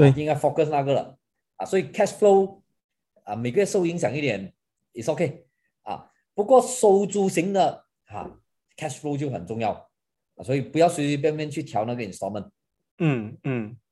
對，啊，應該 focus 那個了，啊，所以 cash flow，啊，每個月受影響一點，it's ok，啊，不過收租型的，哈，啊，cash flow 就很重要，啊，所以不要隨隨便便去調那個 installment。嗯嗯。